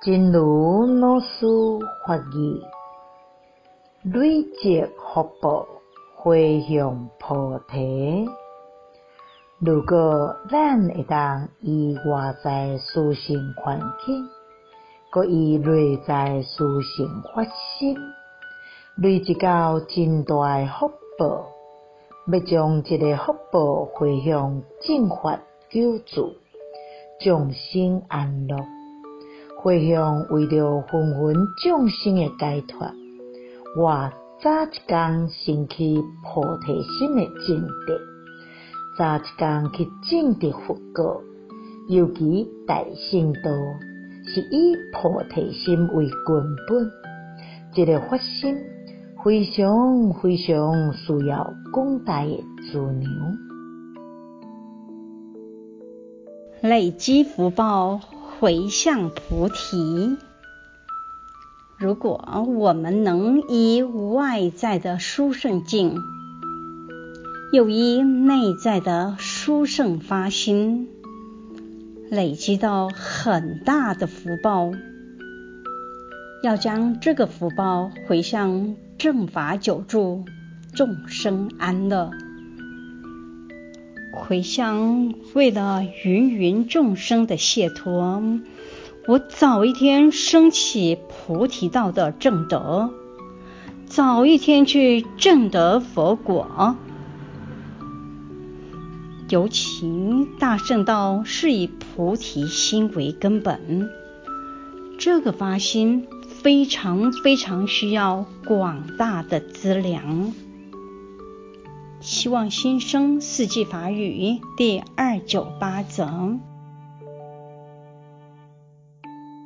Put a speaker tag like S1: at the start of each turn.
S1: 真如老師法語，累積福報，回向菩提。如果咱會當以外在殊勝環境，果以內在殊勝發心，累積到真大誒福報，要將即個福報回向正法久住、眾生安樂。迴向為了芸芸眾生的解脫，我早一天生起菩提心的證德，早一天去證得佛果。尤其大乘道是以菩提心為根本，這個發心非常非常需要廣大誒資糧，累
S2: 積福報。迴向菩提，如果我們能依外在的殊勝境，又依內在的殊勝發心，累積到很大的福報，要將這個福報迴向正法久住，眾生安樂。迴向為了芸芸眾生的解脫，我早一天生起菩提道的證德，早一天去證得佛果。尤其大乘道是以菩提心為根本，這個發心非常非常需要廣大的資糧。希望新生四季法語第二九八則。